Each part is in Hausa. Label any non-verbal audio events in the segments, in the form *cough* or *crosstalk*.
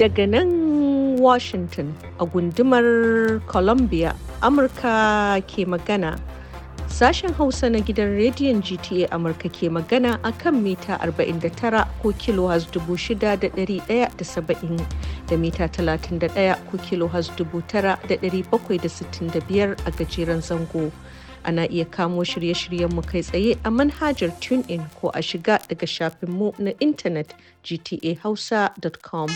daga nan Washington a gundumar Columbia, Amurka ke magana. Sashen Hausa na gidan rediyon GTA Amurka ke magana a kan mita 49 ko kilohaz 6,170 da mita 31 ko kilohaz 9,765 a gajeren zango. ana iya kamo shirye-shiryenmu kai tsaye a manhajar in ko a shiga daga shafinmu na intanet gtahausa.com.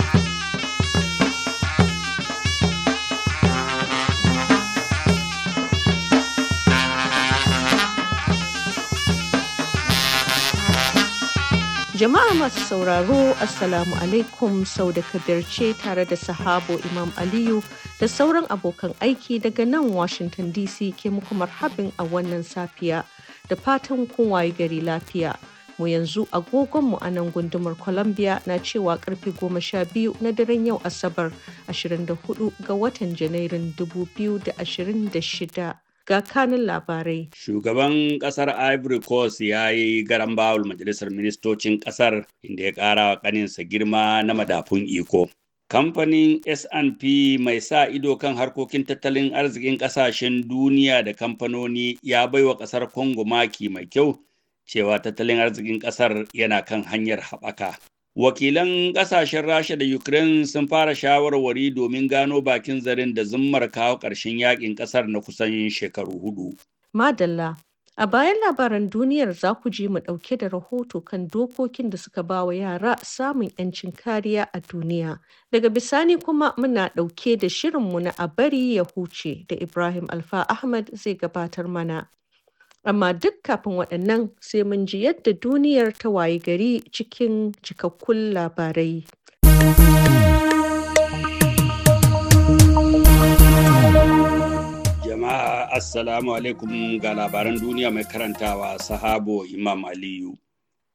Jama'a masu sauraro, Assalamu alaikum sau da kabir ce tare da sahabo Imam Aliyu da sauran abokan aiki daga nan Washington DC ke muku marhabin a wannan safiya da fatan kowaye gari lafiya. Mu yanzu agogon mu a nan gundumar Columbia na cewa karfe goma sha biyu na daren yau Asabar 24 ga watan Janairun 2026. ga kanin labarai. Shugaban kasar Ivory Coast ya yi garan bawul majalisar ministocin kasar inda ya ƙara wa ƙaninsa girma na madafun iko. Kamfanin S&P mai sa ido kan harkokin tattalin arzikin ƙasashen duniya da kamfanoni ya baiwa ƙasar Congo maki mai kyau cewa tattalin arzikin ƙasar yana kan hanyar haɓaka. wakilan ƙasashen rasha da ukraine sun fara shawarwari domin gano bakin zarin da zummar kawo ƙarshen yakin ƙasar na kusan shekaru hudu madalla a bayan labaran duniyar za ku ji mu ɗauke da rahoto kan dokokin da suka ba wa yara samun 'yancin kariya a duniya daga bisani kuma muna ɗauke da shirinmu na a bari ya huce da ibrahim alfa ahmad zai gabatar mana Amma duk kafin waɗannan sai mun ji yadda duniyar ta wayi gari cikin cikakkun labarai. Jama'a Assalamu alaikum ga labaran duniya mai karantawa sahabo Imam Aliyu.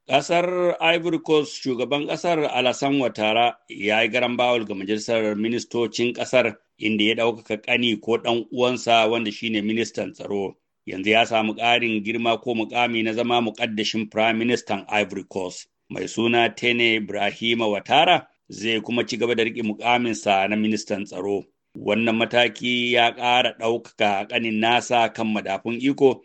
Ƙasar Ivory Coast shugaban ƙasar Alassane watara ya yi garan bawul ga majalisar ministocin ƙasar inda ya ɗaukaka ƙani ko ɗan uwansa wanda shine ministan tsaro. yanzu ya samu ƙarin girma ko mukami na zama muƙaddashin Prime Minister Ivory Coast mai suna Tene Ibrahima Watara zai kuma ci gaba da riƙe mukaminsa na ministan tsaro. Wannan mataki ya ƙara ɗaukaka ƙanin nasa kan madafun iko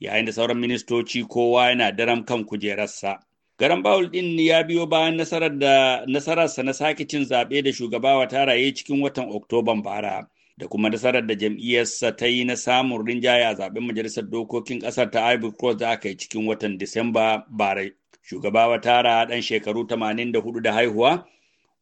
yayin da sauran ministoci kowa yana daram kan kujerarsa. Garan Bawul ɗin ya biyo bayan nasarar da nasararsa na sake cin zaɓe da shugaba Watara ya yi cikin watan Oktoban bara. da kuma nasarar da jam'iyyarsa ta yi na samun rinjaye a zaben majalisar dokokin ƙasar ta Ivory Coast da aka yi cikin watan Disamba bara. Shugaba tara, ɗan shekaru tamanin da hudu da haihuwa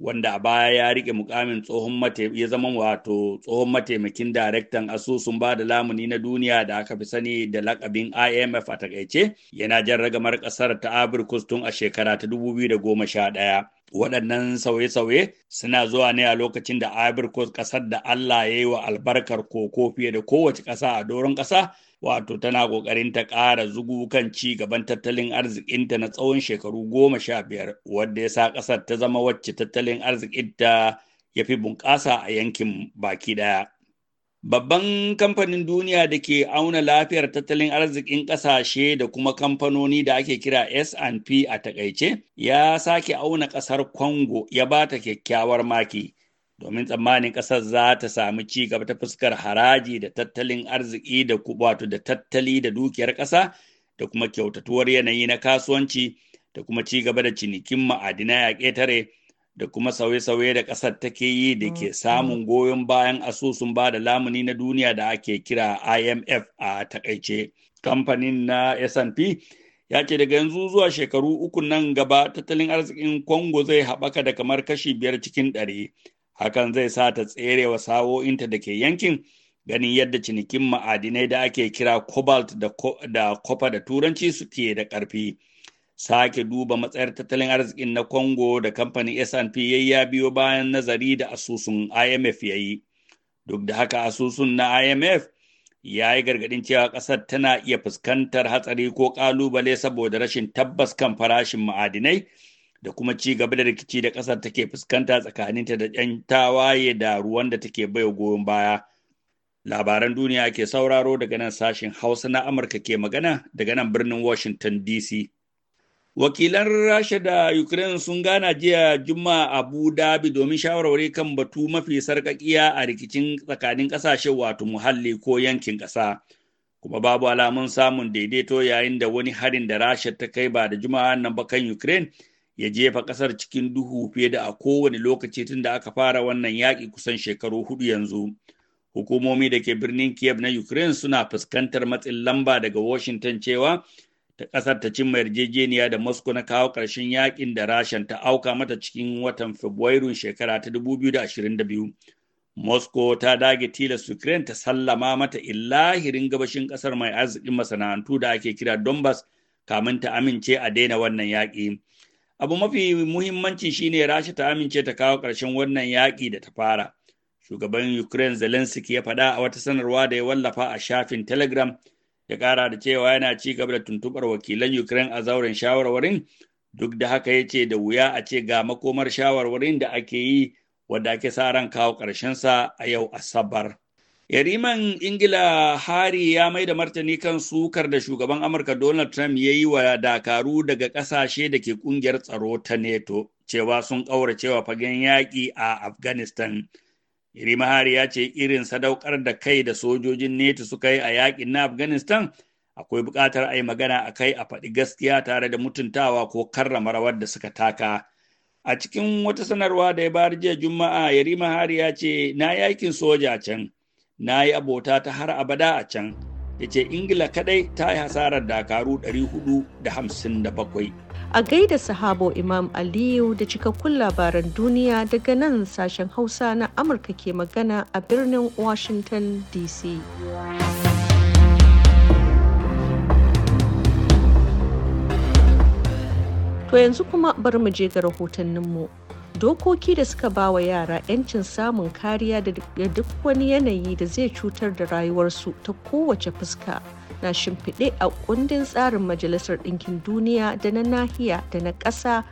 wanda a baya ya riƙe mukamin tsohon ya zama wato tsohon mataimakin daraktan asusun ba da lamuni na duniya da aka fi sani da lakabin IMF a takaice yana jan ragamar ƙasar ta Ivory tun a shekara ta 2011 waɗannan sauye-sauye suna zuwa ne a lokacin da ivory coast ƙasar da allah ya yi wa albarkar koko fiye da kowace ƙasa a doron ƙasa wato tana ƙoƙarin ta ƙara zugu kan ci gaban tattalin arzikinta na tsawon shekaru goma sha biyar wadda ya sa ƙasar ta zama wacce tattalin arzikinta ya fi bunƙasa a yankin baki ɗaya Babban kamfanin duniya da ke auna lafiyar tattalin arzikin ƙasashe da kuma kamfanoni da ake kira S&P a takaice ya sake auna ƙasar Congo ya ba ta kyakkyawar maki. Domin tsammanin ƙasar za ta sami ci gaba ta fuskar haraji da tattalin arziki da wato da tattali da dukiyar ƙasa da kuma kyautatuwar yanayi na kasuwanci da kuma ci gaba da cinikin ma'adina a ƙetare da kuma sauye-sauye da ƙasar take yi da ke mm, samun mm. goyon bayan asusun ba da lamuni na duniya da ake kira IMF a takaice. Kamfanin na S&P ya ce daga yanzu zuwa shekaru uku nan gaba tattalin arzikin Congo zai haɓaka da kamar kashi biyar cikin ɗari. Hakan zai sa ta tserewa sawo'inta da ke yankin ganin yadda cinikin ma'adinai da ake kira cobalt da copper da turanci suke da ƙarfi. sake duba matsayar tattalin arzikin na Congo da kamfanin S&P ya biyo bayan nazari da asusun IMF ya yi. Duk da haka asusun na IMF ya yi gargaɗin cewa ƙasar tana iya fuskantar hatsari ko ƙalubale saboda rashin tabbas kan farashin ma'adinai da kuma ci gaba da rikici da ƙasar take fuskanta tsakaninta da 'yan tawaye da ruwan da take bai goyon baya. Labaran duniya ke sauraro daga nan sashen Hausa na Amurka ke magana daga nan birnin Washington DC. Wakilan Rasha da Ukraine sun gana jiya Juma'a Abu Dhabi domin shawarwari kan batu mafi sarkakiya a rikicin tsakanin ƙasashen wato muhalli ko yankin ƙasa. Kuma babu alamun samun daidaito yayin da wani harin da Rasha ta kai ba da Juma'a nan ba kan Ukraine ya jefa ƙasar cikin duhu fiye da a kowane lokaci tun da aka fara wannan yaƙi kusan shekaru hudu yanzu. Hukumomi da ke birnin Kiev na Ukraine suna fuskantar matsin lamba daga Washington cewa ta ƙasar ta cimma yarjejeniya da Moscow na kawo ƙarshen yakin da Rashan ta auka mata cikin watan Fabrairu shekara ta 2022. Moscow ta dage tilas Ukraine ta sallama mata illahirin gabashin ƙasar mai arzikin masana'antu da ake kira Donbass kamin ta amince a daina wannan yaƙi. Abu mafi muhimmanci shine Rasha ta amince ta kawo ƙarshen wannan yaƙi da ta fara. Shugaban Ukraine Zelensky ya faɗa a wata sanarwa da ya wallafa a shafin Telegram ya ƙara da cewa yana ci gaba da tuntuɓar wakilan Ukraine a zauren shawarwarin duk da haka yace da wuya a ce ga makomar shawarwarin da ake yi wadda ake sa ran kawo ƙarshensa a yau Asabar. Yariman Ingila Hari ya mai da martani kan sukar da shugaban Amurka Donald Trump ya yi wa dakaru daga ƙasashe da ke ƙungiyar tsaro ta NATO cewa sun ƙauracewa fagen yaƙi a Afghanistan. Yarima Hariya ya ce irin sadaukar da kai da sojojin NATO suka yi a yakin na Afghanistan akwai buƙatar a yi magana a kai a faɗi gaskiya tare da mutuntawa ko karrama rawar da suka taka. A cikin wata sanarwa da ya bayar jiya Juma'a, Yarima ya ce, Na yakin soja can, na yi abota ta har abada a can. ya ce ingila kadai ta yi hasarar dakaru 457 a gaida sahabo imam aliyu da cikakkun labaran duniya daga nan sashen hausa na amurka ke magana a birnin washington dc to yanzu kuma bari mu je ga rahotanninmu dokoki da suka ba wa yara 'yancin samun kariya da duk wani yanayi da zai cutar da rayuwarsu ta kowace fuska na shimfiɗe a kundin tsarin majalisar ɗinkin duniya da na nahiya da na ƙasa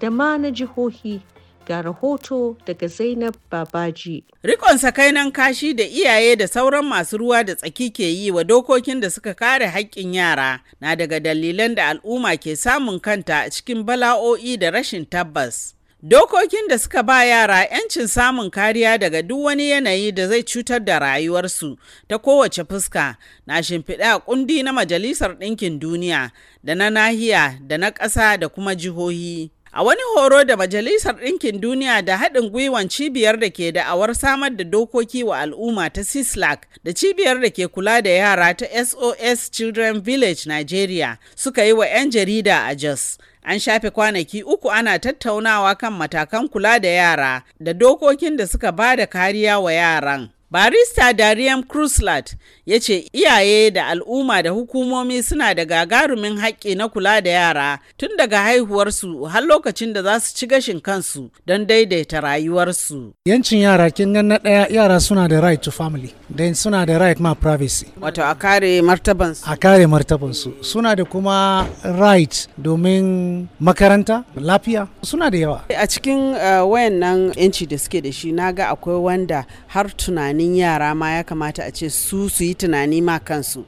da ma na jihohi ga rahoto daga Zainab Babaji. Rikon sakainan kashi da iyaye da sauran masu ruwa da tsaki ke yi wa dokokin da suka kare haƙƙin yara na daga dalilan da al'umma ke samun kanta cikin bala'o'i da rashin tabbas. Dokokin da suka ba yara 'yancin samun kariya daga duk wani yanayi da zai cutar da rayuwarsu ta kowace fuska na shimfiɗa a kundi na Majalisar Ɗinkin Duniya da na nahiya da na ƙasa da kuma jihohi. A wani horo da Majalisar Ɗinkin Duniya da haɗin gwiwan cibiyar da ke da'awar samar da dokoki wa al'umma ta CISLAC da cibiyar da ke kula da yara ta SOS Children Village Nigeria suka yi wa 'yan jarida a Jos. An shafe kwanaki uku ana tattaunawa kan matakan kula da yara da dokokin da suka ba da kariya wa yaran. Barista Dariam Kruslat ya ce iyaye da al'umma da hukumomi suna da gagarumin haƙƙi na kula da yara tun daga haihuwarsu har lokacin da za su ci gashin kansu don daidaita rayuwarsu. Yancin yara kin gan na ɗaya yara suna da right to family, then suna da right ma privacy. Wato a kare martabansu. A kare martabansu. Suna da kuma right domin makaranta, lafiya, suna da yawa. A cikin uh, wayannan yanci da suke da shi naga akwai wanda har tunani tunanin yara ma ya kamata a ce su su yi tunani ma kansu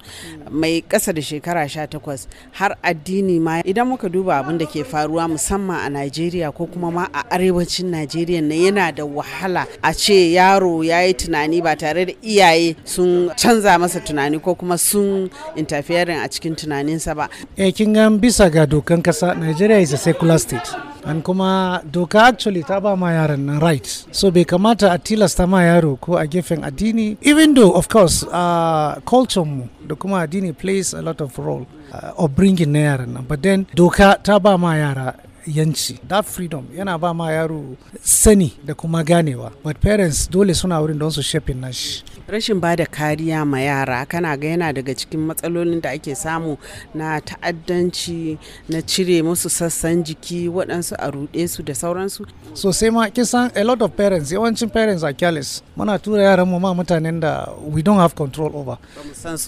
mai ƙasa da shekara 18 har addini ma idan muka duba abin da ke faruwa musamman a najeriya ko kuma ma a arewacin najeriya na yana da wahala a ce yaro ya yi tunani ba tare da iyaye sun canza masa tunani ko kuma sun interfering a cikin tunaninsa ba. Eh, kin bisa ga dokan kasa nigeria is a secular state an kuma doka actually ta ba ma yaran nan right so bai kamata a tilasta ma yaro ko a gefen addini even though of course uh, culture mu da kuma addini plays a lot of role uh, of bringing na yaran nan but then doka ta ba ma yara yanci that freedom yana ba ma yaro sani da kuma ganewa but parents dole suna wurin don su shafin nashi rashin ba da kariya ma yara kana ga yana daga cikin matsalolin da ake samu na ta'addanci na cire musu sassan jiki waɗansu a ruɗe su da sauransu sai ma kisan a lot of parents yawancin parents are careless muna tura yaran mu ma mutanen da we don't have control over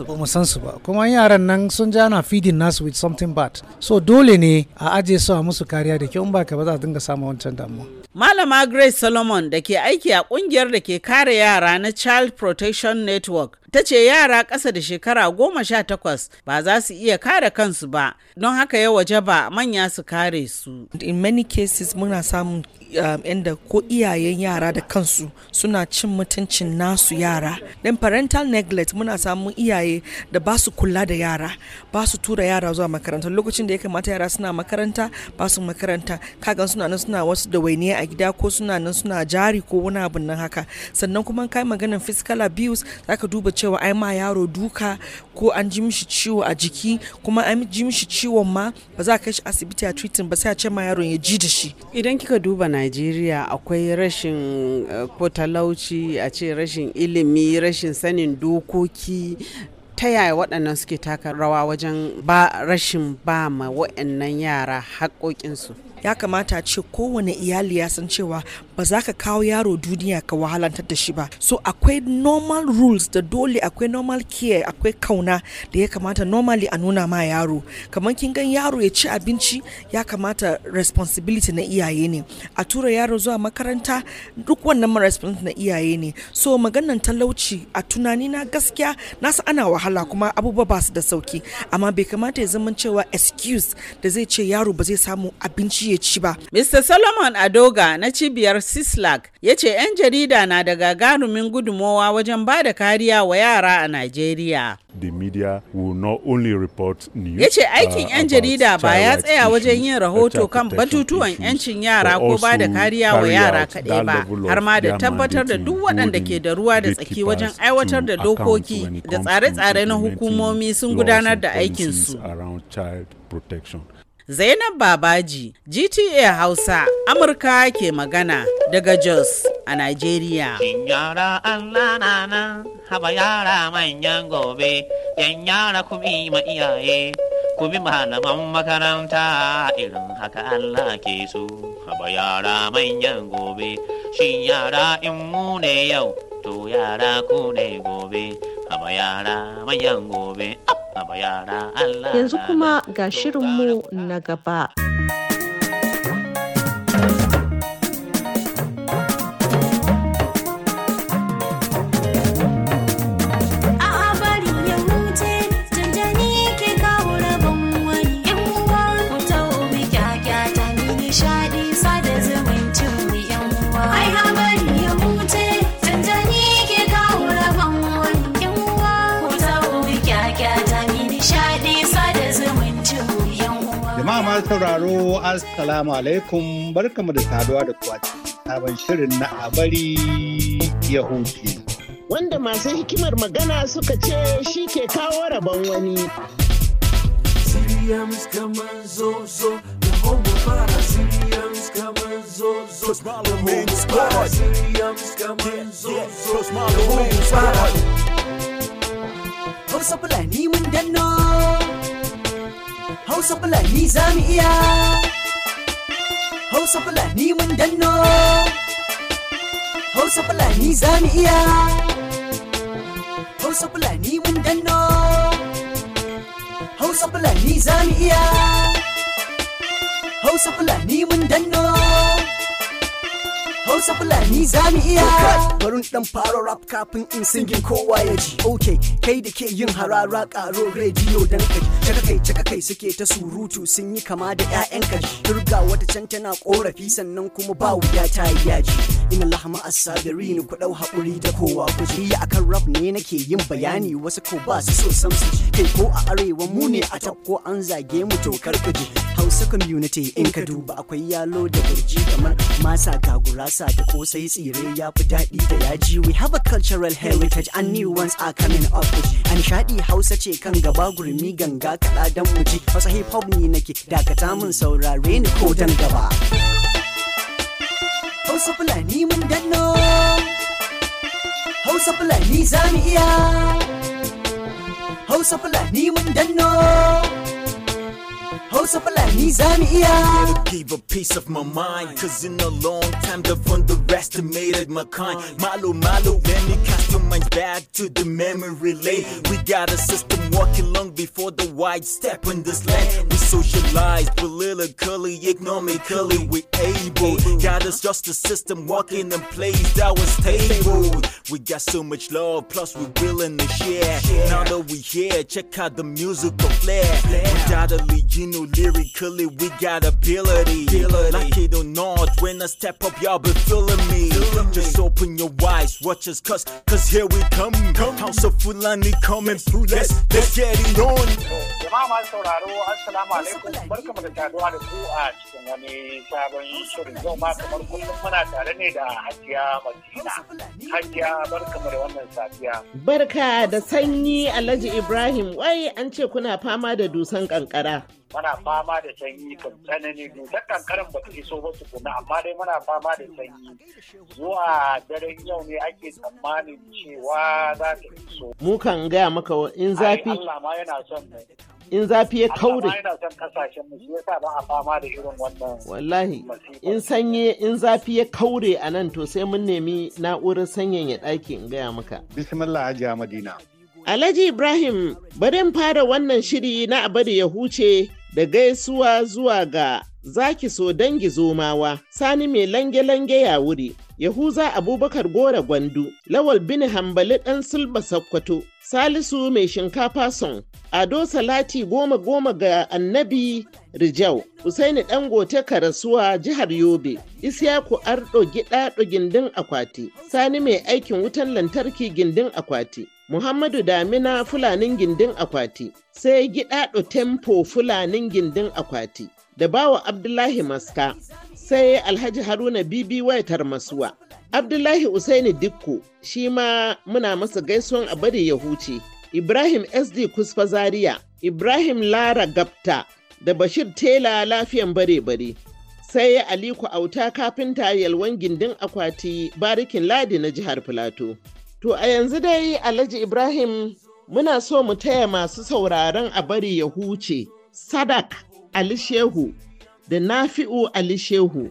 ba mu san su ba kuma yaran nan sun ji ana feeding nas with something bad so dole ne a aje su a musu kariya da kyau in ba ka ba za a dinga samun wancan damuwa malama grace solomon da ke aiki a kungiyar da ke kare yara na child protection Network ta ce yara ƙasa da shekara goma sha takwas ba za su iya kare kansu ba don haka ya waje ba manya su kare su. In many cases muna samun um, yadda ko iyayen yara da kansu suna cin mutuncin nasu yara. Then parental neglect muna samun iyaye da ba su kula da yara ba su tura yara zuwa makaranta lokacin da ya kamata yara suna makaranta ba su makaranta kagan suna nan suna wasu waini a gida ko suna nan suna jari ko wani abin nan haka sannan kuma kai maganin physical abuse zaka duba cewa ai ma yaro duka ko an ji mishi ciwo a jiki kuma an ji mishi ciwon ma ba za a kai shi asibiti a treating ba sai a ce ma yaron ya ji da shi idan kika duba Najeriya akwai rashin eh, ko talauci a ce rashin ilimi rashin sanin dokoki ta yaya waɗannan suke taka rawa wajen rashin ba ma waɗannan yara haƙoƙinsu ya kamata ce kowane iyali ya san cewa ba za ka kawo yaro duniya ka wahalantar da shi ba so akwai normal rules da dole akwai normal care akwai kauna da ya kamata normally a nuna ma yaro kamar kin gan yaro ya ci abinci ya kamata responsibility na iyaye ne a tura yaro zuwa makaranta duk wannan ma responsibility na iyaye ne so maganan talauci a tunani na gaskiya nasu ana wahala kuma abubuwa ba su da sauki amma bai kamata ya zama cewa excuse da zai ce yaro ba zai samu abinci ya ci ba. Mr. Solomon Adoga na cibiyar Sislak ya ce 'yan jarida na da gagarumin gudumowa wajen ba da kariya wa yara a Najeriya. The media will not only report news. Ya ce aikin uh, 'yan jarida ba ya tsaya wajen yin rahoto kan batutuwan 'yancin yara ko ba da kariya wa yara kaɗai ba, har ma da tabbatar da duk waɗanda ke da ruwa da tsaki wajen aiwatar da dokoki da tsare-tsare na hukumomi sun gudanar da aikinsu. Zainab Babaji, GTA Hausa, Amurka ke magana daga Jos a Najeriya. Shin yara Allah na nan, haba yara manyan gobe, yan yara ku bi ma iyaye, ku bi malaman makaranta irin haka Allah ke so. Haba yara manyan gobe, shin yara in mu ne yau, to yara ku ne gobe aba yara mayan gobe aba yara Allah yanzu kuma ga shirinmu na gaba. sauraro, Assalamu alaikum, barkamu da saduwa da kuwa sabon shirin na abari ya huce. Wanda masu hikimar magana suka ce shi ke kawo rabon wani. Siriyams kamar zozo, da homo fara siriyams kamar zozo, da homo fara siriyams kamar zozo, da homo fara. Hausa Fulani mun danno. Hausa Fulani za mu iya. Hausa Fulani mun danno. Hausa Fulani za mu iya. Hausa Fulani mun danno. Hausa Fulani za mu iya. Hausa Fulani mun danno. hausa fulani za mu iya barin dan fara rap kafin in singin kowa ya ji ok kai da ke yin harara karo rediyo dan kaji Caka kai caka kai suke ta surutu sun yi kama da ƴaƴan kaji turga wata can tana korafi sannan kuma ba wuya ta yi yaji ina lahama ni ku dau haƙuri da kowa ku ji akan rap ne nake yin bayani wasu ko ba su so sam su ji kai ko a arewa mu ne a tab an zage mu to ji. hausa community in ka duba akwai yalo da gurji kamar masa ga gurasa da kosai tsire ya fi daɗi da yaji we have a cultural heritage and new ones are coming up a nishaɗi hausa ce kan gaba gurmi ganga kaɗa dan muji wasa hip hop ne nake dakata mun saurare ni ko dan gaba hausa fulani mun danno hausa fulani za mu iya hausa fulani mun danno Hausa Fulani za mu iya. Give a piece of my mind, cause in a long time they've underestimated my kind. Malo Malo, let me back to the memory lane. We got a system walking long before the white step in this land. We socialized politically, economically, we able. Got us just a system walking in place that was stable. We got so much love, plus we willing to share. Now that we here, check out the musical flair. Undoubtedly, you know, lyrically, we got ability. Like it or not, when I step up, y'all be feeling me. Just open your eyes, watch us, cause, cause here here we come. come. House of Fulani coming through. Let's, let's get it on. Jama'a masu sauraro, Assalamu alaikum, barkamu da saduwa da ku a cikin wani sabon shirin yau ma kamar kullum muna tare ne da Hajiya Madina. Hajiya barkamu da wannan safiya. Barka da sanyi Alhaji Ibrahim, wai an ce kuna fama da dusan kankara. Muna fama da sanyi kan tsanani dusan kankaran ba ta iso ba su kuna, amma dai muna fama da sanyi. Zuwa daren yau ne ake tsammanin cewa za ta iso. Mu kan gaya maka in zafi. Allah ma yana son in zafi ya kaure wallahi in sanye in zafi ya kaure a nan to sai mun nemi na'urar sanyaya ɗaki in gaya maka bismillah hajiya madina Alhaji Ibrahim in fara wannan shiri na abadi ya huce da gaisuwa zuwa ga zaki so dangi zomawa sani mai lange-lange ya wuri Yahuza Abubakar Gora Gwandu, Lawal Bini Hambali ɗan Silba Sakkwato, Salisu mai shinkafa son, Ado Salati goma goma ga Annabi Rijau, Usaini Dangote Karasuwa jihar Yobe, Isyaku Ardo Gidaɗo gindin akwati, Sani mai aikin wutan lantarki gindin akwati, Muhammadu Damina Fulanin gindin akwati, sai giɗaɗo Tempo Fulanin gindin akwati, da bawa Abdullahi Maska. sai alhaji haruna bibi waitar masuwa abdullahi usaini dikko shi ma muna masa gaisuwan a bari ya huce ibrahim sd kusfa zaria ibrahim lara gapta da bashir tela lafiyan bare-bare sai aliko auta kafinta yalwan gindin akwati barikin ladi na jihar filato to a yanzu dai alhaji ibrahim muna so mu taya masu sauraron a bari ya huce sadak ali shehu da Nafi'u Ali Shehu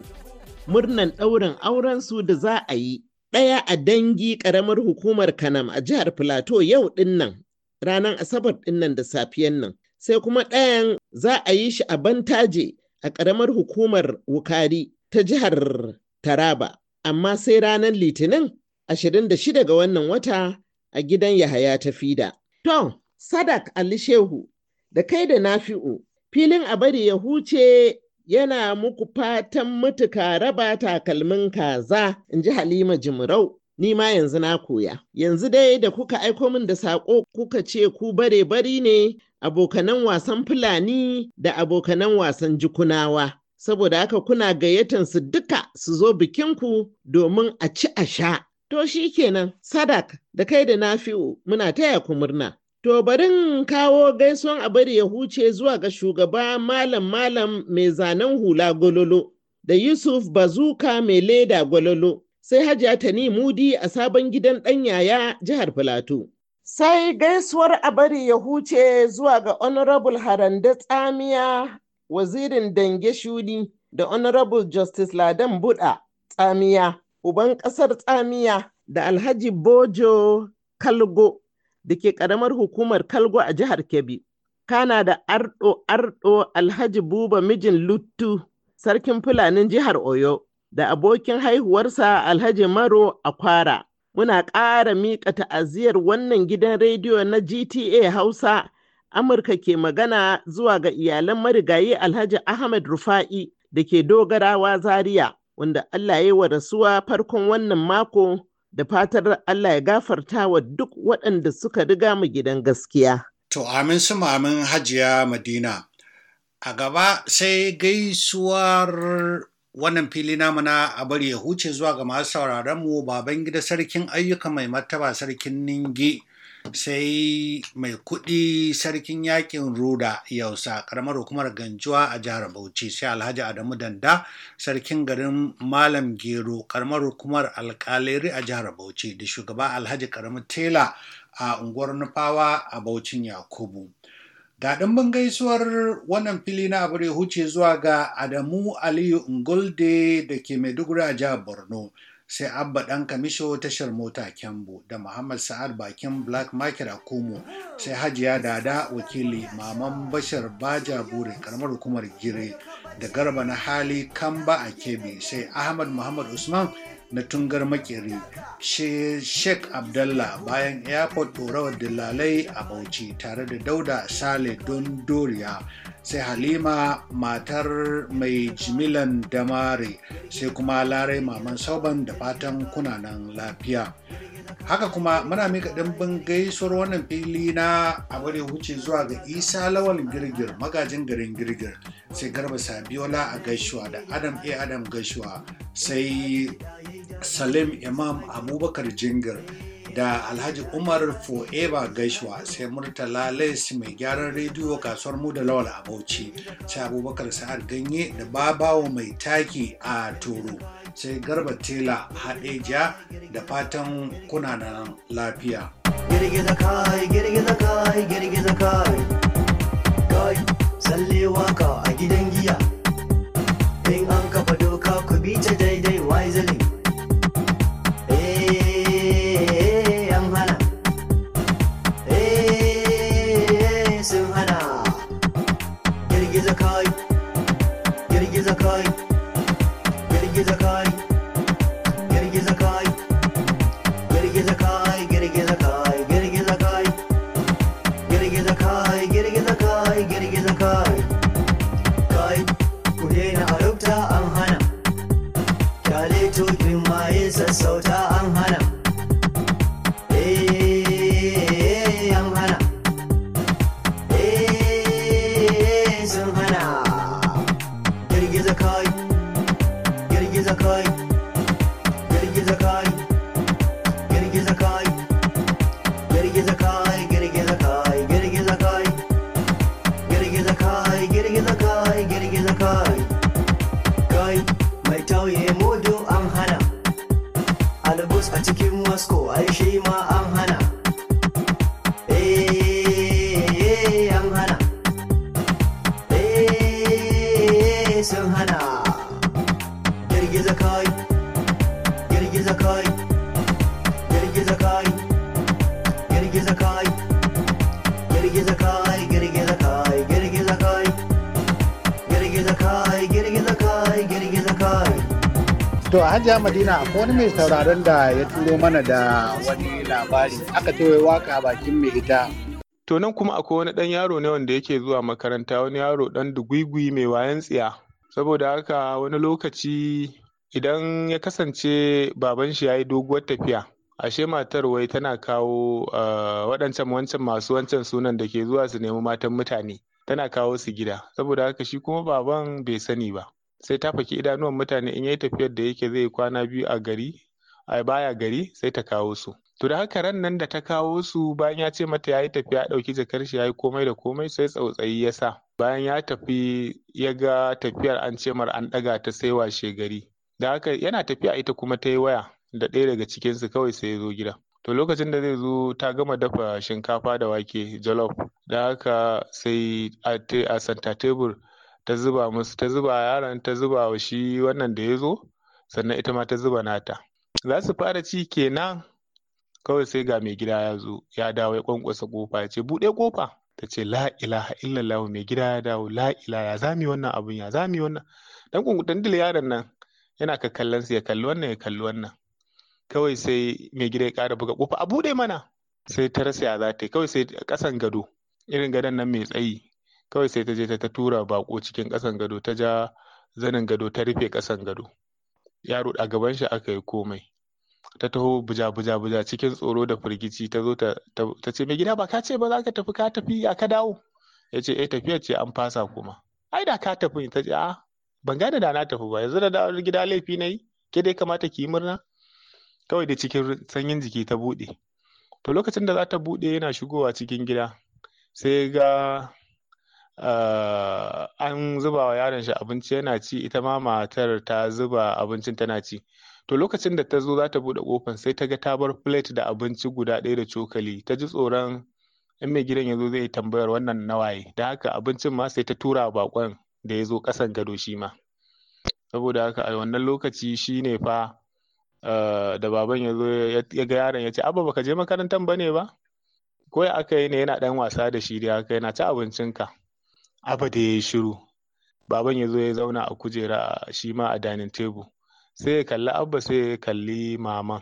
murnan ɗaurin aurensu da za a yi ɗaya a dangi ƙaramar hukumar Kanam a jihar Filato yau ɗinnan ranar Asabar ɗinnan da safiyan nan. Sai kuma ɗayan za a yi shi a Bantaje a ƙaramar hukumar Wukari ta jihar Taraba, amma sai ranar Litinin 26 ga wannan wata a gidan Yahaya ta Fida. To, Sadak Ali Shehu da kai da Nafi'u filin a bari ya huce yana muku fatan mutuka raba takalmin kaza, in ji Halima Jimrau. Ni ma yanzu na koya. Yanzu dai da kuka aiko min da saƙo kuka ce ku bare bari ne abokanan wasan Fulani da abokanan wasan Jukunawa. Saboda haka kuna gayyatan su duka su zo bikinku domin a ci a sha. To shi kenan, Sadak da kai da Nafi'u muna taya ku murna. To bari kawo gaisuwan a bari ya huce zuwa ga shugaba malam malam mai zanen hula gololo da Yusuf Bazuka mai leda gololo sai Hajiya Tani Mudi a sabon gidan ɗan yaya jihar Filato. Sai gaisuwar a bari ya huce zuwa ga Honorable Harande Tsamiya wazirin Dange Shuni da Honorable Justice Ladan Buɗa Tsamiya, uban ƙasar Tsamiya da Alhaji Bojo Kalgo da ke ƙaramar hukumar Kalgo a jihar Kebbi. Kana da Ardo Ardo Alhaji Buba mijin Luttu, sarkin Fulanin jihar Oyo, da abokin haihuwarsa Alhaji Maro a kwara. Muna ƙara miƙa ta'aziyar wannan gidan rediyo na GTA Hausa, Amurka ke magana zuwa ga iyalan marigayi Alhaji Ahmed Rufa'i da ke dogarawa Zaria, wanda Allah ya yi wa rasuwa farkon wannan mako. da fatar Allah ya gafarta wa duk waɗanda suka riga mu gidan gaskiya. To amin su amin hajiya Madina. A gaba sai gaisuwar wannan fili namu na a bari ya huce zuwa ga masu sauraron mu baban gida sarkin ayyuka mai martaba sarkin Ninge. sai mai kuɗi sarkin yakin roda yausa karamar hukumar ganjuwa a jihar bauchi sai alhaji adamu danda sarkin garin malam gero karamar hukumar alkaleri a jihar bauchi da shugaba alhaji karamin tela a unguwar nufawa a baucin yakubu ga ɗimbin gaisuwar wannan fili na abu huce zuwa ga adamu aliyu ngolde da ke maiduguri a jihar borno sai abba dan kamisho tashar mota kyambo da muhammad sa'ad bakin black market a komo sai hajiya dada wakili maman bashar baja buri karamar hukumar gire da garba na hali kamba a kebe sai ahmad muhammad usman na tungar makeri sheikh abdallah bayan airport ɗorawar dillalai a bauchi tare da dauda sale don doriya sai halima matar mai jimilan damare sai kuma larai maman sauban da fatan kunanan lafiya haka kuma muna mika ɗimbin gaisuwar wannan fili na abare wuce zuwa ga isa lawal girgir magajin garin girgir sai garba sabiola a gaisuwa da adam a adam gaisuwa sai salim imam abubakar jingir da alhaji umar foeba gaishwa sai murtala laisi mai gyaran rediyo kasuwar mu da lawal a bauchi sai abubakar sa'ad ganye da babawo mai taki a toro sai garba tela ja da fatan kuna na lafiya sallewa ka a gidan giya in an ka magana wani mai sauraron da ya turo mana da wani labari aka ce waka bakin mai ita to nan kuma akwai wani ɗan yaro ne wanda yake zuwa makaranta wani yaro dan dugwigwi mai wayan tsiya saboda haka wani lokaci idan ya kasance baban shi ya yi doguwar tafiya ashe matar wai tana kawo ah, waɗancan wancan masu wancan sunan da ke zuwa su nemi matan mutane tana kawo su gida saboda haka shi kuma baban bai sani ba sai ta faki idanuwan mutane in yayi tafiyar da yake zai kwana biyu a gari a baya gari sai ta kawo su to da haka ran nan da ta kawo su bayan ya ce mata yayi tafiya ɗauki jakar shi yayi komai da komai sai tsautsayi ya sa bayan ya tafi ya ga tafiyar an ce mar an ɗaga ta sai washe gari da haka yana tafiya ita kuma ta yi waya da ɗaya daga cikin su kawai sai ya zo gida to lokacin da zai zo ta gama dafa shinkafa da wake jollof da haka sai a santa tebur ta zuba musu ta zuba yaron ta zuba wa shi wannan da ya zo sannan ita ma ta zuba nata za su fara ci kenan kawai sai ga mai gida ya zo ya dawo ya kwankwasa kofa ya ce buɗe kofa ta ce la ilaha illallah mai gida ya dawo la ilaha ya zami wannan abun ya zami wannan dan kunkutan dil yaron nan yana ka kallon ya kalli wannan ya kalli wannan kawai sai mai gida ya ƙara buga kofa a buɗe mana sai ta rasa ya za ta yi kawai sai kasan gado irin gadon nan mai tsayi kawai sai ta je ta tura bako cikin ƙasan gado ta ja zanin gado ta rufe ƙasan gado yaro a gaban shi aka yi komai ta taho buja buja buja cikin tsoro da firgici ta zo ta ce mai gida ba ka ce ba za ka tafi ka tafi ya ka dawo ya ce eh tafiya ce an fasa kuma ai da ka tafi ta ce a ah, ban gane da na tafi ba yanzu da dawo gida laifi na yi ke dai kamata ki yi murna kawai da cikin sanyin jiki ta buɗe to lokacin da za ta buɗe yana shigowa cikin gida sai ga Eh, an zuba wa yaron shi abinci yana ci ita ma matar ta zuba abincin tana ci to lokacin da ta zo za ta buɗe kofan sai ta ga ta bar plate da abinci guda ɗaya da cokali ta ji tsoron in mai gidan ya zo zai tambayar wannan nawaye da haka abincin ma sai ta tura bakon da ya zo ƙasan gado shi ma saboda haka a wannan lokaci shi ne fa eh, da baban ya zo ya ga yaron ya ce abba baka je makarantar ba ne ba ko ya aka yi ne yana ɗan wasa da shi da haka yana ci abincinka Abba da ya yi shiru. Baban ya zo ya zauna a kujera shi ma a dining table. Sai ya kalli Abba sai ya kalli maman.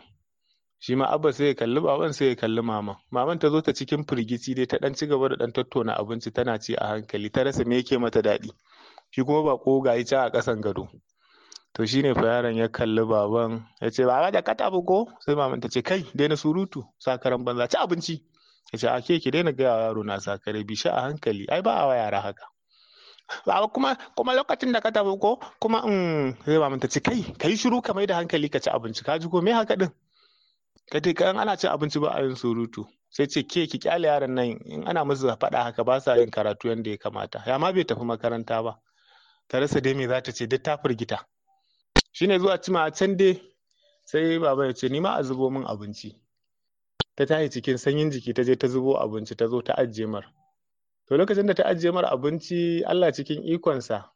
Shi ma Abba sai ya kalli baban sai ya kalli maman. Maman ta zo ta cikin firgici dai ta ɗan ci gaba da ɗan tattauna abinci tana ci a hankali ta rasa me yake mata daɗi. Shi kuma ba ko gayi ca a ƙasan gado. To shi ne yaron ya kalli baban ya ce baba da ka tafi ko? Sai maman ta ce kai daina surutu sakaran banza ci abinci. Ya ce a ke ki daina gaya yaro na sakare bi shi a hankali ai ba a yara haka. ba kuma kuma lokacin da ka tafi ko kuma mm, in ba mata ci kai kai shiru ka mai da hankali ka ci abinci ka ji ko me haka din ka ce kan ana cin abinci ba a yin surutu sai ce ke ki kyale yaran nan in ana musu faɗa haka ba sa yin karatu yadda ya kamata ya ma bai tafi makaranta ba ta rasa dai me za ta ce duk ta firgita shine zuwa cima a can dai sai baba ya ce ni ma a zubo min abinci ta tashi cikin sanyin jiki ta je ta zubo abinci ta zo ta ajiye mar to lokacin da ta ajiye mara abinci Allah cikin ikonsa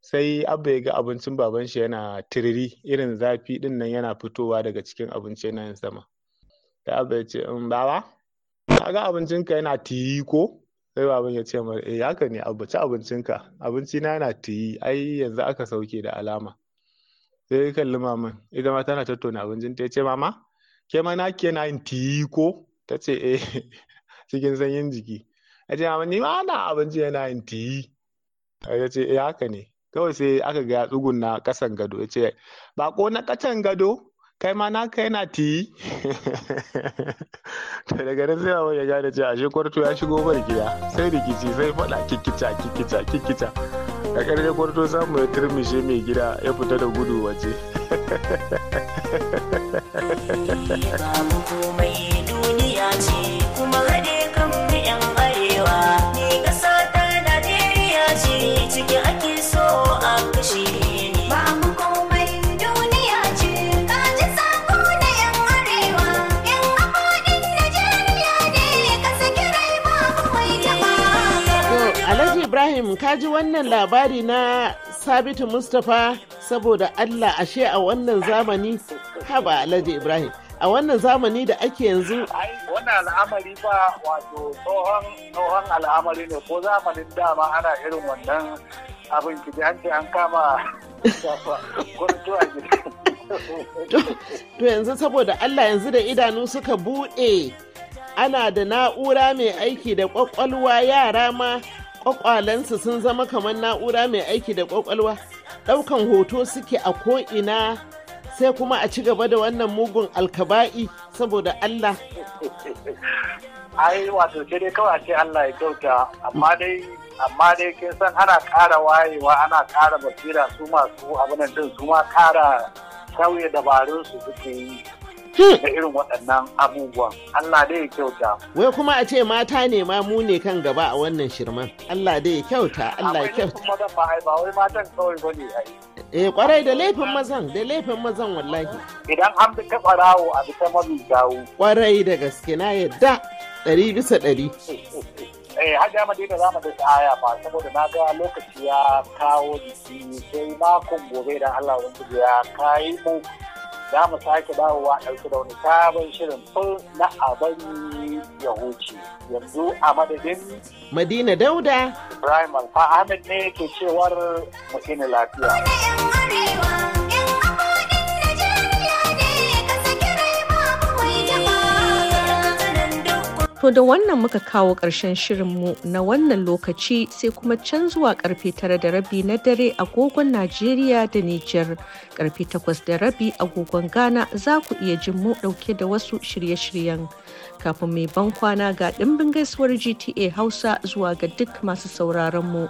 sai abba ya ga abincin baban shi yana tiriri irin zafi din nan yana fitowa daga cikin abinci yana yin sama da abba ya ce in mm, bawa, na ga abincinka yana tiyi ko sai baban ya ce mara eh haka ne abba ci abincinka abinci na yana tiyi ai yanzu aka sauke da alama sai ya kalli maman ita ma tana tattauna abincin ta ya ce mama ke ma na ke na yin tiyi ko ta ce eh *laughs* cikin sanyin jiki a ce amma ni ma na abinci yana yin tiyi ya ce eh haka ne kawai sai aka ga ya na kasan gado ya ce bako na kacan gado kai ma kai na tiyi *laughs* to daga nan sai ya gane cewa ashe kwarto ya shigo bar gida sai rikici sai faɗa kikica kikica kikica a ƙarshe kwarto samu ya turmishe mai gida ya fita da gudu waje *laughs* ji wannan labari na sabitu mustapha saboda allah ashe a wannan zamani haba alhaji ibrahim a wannan zamani da ake yanzu wannan al'amari ba wato tsohon al'amari ne ko zamanin dama ana irin wannan abin kiji an ce an kama *laughs* to yanzu saboda allah yanzu da idanu suka buɗe ana da na'ura mai aiki da kwakwalwa yara ma kwakwalensu sun zama kamar na'ura mai aiki da kwakwalwa ɗaukan hoto suke a ko'ina sai kuma a ci gaba da wannan mugun alkaba'i saboda Allah. *laughs* ai wato ce dai kawai ce Allah ya kyauta amma dai amma dai kin san ana ƙara wayewa ana ƙara basira su masu abinan din su ma ƙara sauya dabarun su suke yi da irin waɗannan abubuwan Allah dai ya kyauta wai kuma a ce mata ne ma mu ne kan gaba a wannan shirman Allah dai ya kyauta Allah ya kyauta kuma da ba ba wai matan kawai bane ai eh kwarai da laifin mazan da laifin mazan wallahi idan an bi ta rawo a bi ta mabi dawo kwarai da gaske na yadda ɗari bisa ɗari *laughs* eh hajja madina za mu da aya ba saboda na ga lokaci ya kawo jiki sai makon gobe da Allah wani ya kai mu za mu sake dawowa ɗauki da wani sabon shirin ful na abin ya huce yanzu a madadin madina dauda ibrahim alfa ahmed ne ke cewar mu lafiya To da wannan muka kawo ƙarshen shirinmu na wannan lokaci sai kuma can zuwa karfe tara da rabi na dare agogon Najeriya da Nijar. Karfe takwas da rabi agogon Ghana za ku iya jin mu ɗauke da wasu shirye-shiryen. Kafin mai ban kwana ga ɗimbin gaisuwar GTA Hausa zuwa ga duk masu sauraron mu.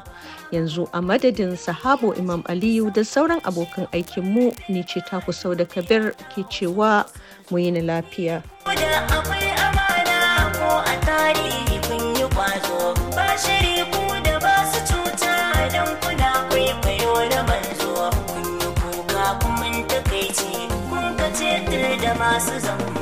Yanzu a madadin sahabo Imam Aliyu da sauran abokan aikinmu ni ce taku sau da kabir ke cewa mu yi lafiya. precisamos